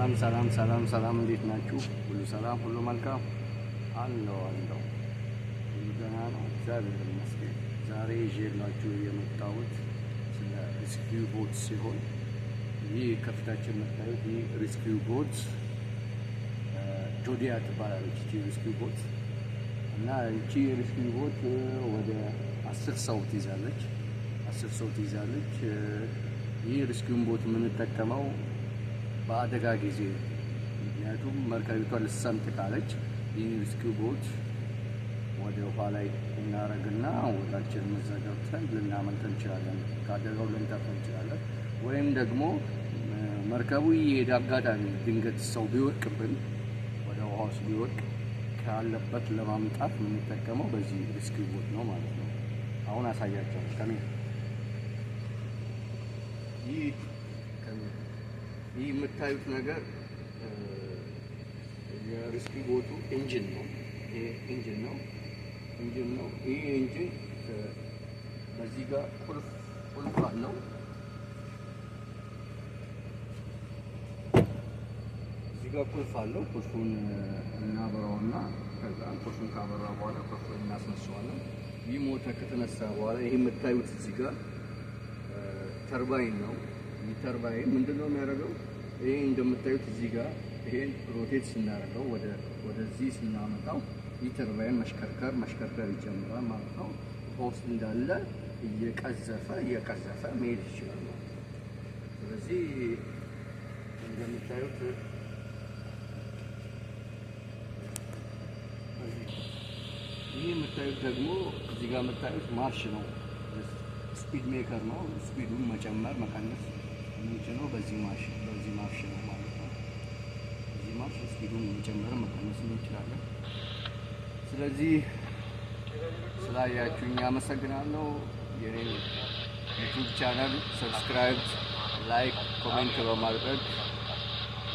ሰላም ሰላም ሰላም ሰላም፣ እንዴት ናችሁ? ሁሉ ሰላም፣ ሁሉ መልካም አለው አለው፣ ሁሉ ደህና ነው፣ እግዚአብሔር ይመስገን። ዛሬ ይዤላችሁ የመጣሁት ስለ ሪስኪው ቦት ሲሆን ይህ ከፊታችን የምታዩት ይህ ሪስኪው ቦት ጆዲያ ትባላለች። ይቺ ሪስኪው ቦት እና ይቺ ሪስኪው ቦት ወደ አስር ሰው ትይዛለች፣ አስር ሰው ትይዛለች። ይህ ሪስኪው ቦት የምንጠቀመው በአደጋ ጊዜ ምክንያቱም መርከቢቷ ልትሰምጥ ካለች የዩስኪ ቦት ወደ ኋላ ላይ እናደርግና ወታችን መዘጋብተን ልናመልጥ እንችላለን፣ ከአደጋው ልንጠፍ እንችላለን። ወይም ደግሞ መርከቡ የሄደ አጋጣሚ ድንገት ሰው ቢወድቅብን ወደ ውሃ ውስጥ ቢወድቅ ካለበት ለማምጣት የምንጠቀመው በዚህ ሪስኪ ቦት ነው ማለት ነው። አሁን አሳያቸዋል ይህ ይህ የምታዩት ነገር የሪስኪ ቦቱ ኢንጂን ነው። ይሄ ኢንጂን ነው ኢንጂን ነው። ይህ ኢንጂን በዚህ ጋር ቁልፍ ቁልፍ አለው። እዚህ ጋር ቁልፍ አለው። ቁልፉን እናበራውና ከዛ ቁልፉን ካበራ በኋላ ቁልፉን እናስነሳዋለን። ይህ ሞተር ከተነሳ በኋላ ይህ የምታዩት እዚህ ጋር ተርባይን ነው። ተርባይን ምንድነው የሚያደርገው? ይሄ እንደምታዩት እዚህ ጋር ይሄን ሮቴት ስናደርገው ወደዚህ ስናመጣው ይህ ተርባይን መሽከርከር መሽከርከር ይጀምራል ማለት ነው። ውስጥ እንዳለ እየቀዘፈ እየቀዘፈ መሄድ ይችላል ማለት ነው። ስለዚህ እንደምታዩት ይህ የምታዩት ደግሞ እዚህ ጋር የምታዩት ማርሽ ነው፣ ስፒድ ሜከር ነው። ስፒዱን መጨመር መቀነስ የምንጭነው በዚህ ማሽን በዚህ ማሽን ነው ማለት ነው። በዚህ ማርሽ ስፒዱን መጨመር መቀነስ እንችላለን። ስለዚህ ስላያችሁኝ አመሰግናለሁ። የኔ ዩቱብ ቻናል ሰብስክራይብ፣ ላይክ፣ ኮሜንት በማድረግ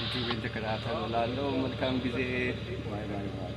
ዩቱቤን ተከታተል እላለሁ። መልካም ጊዜ። ባይ ባይ ባይ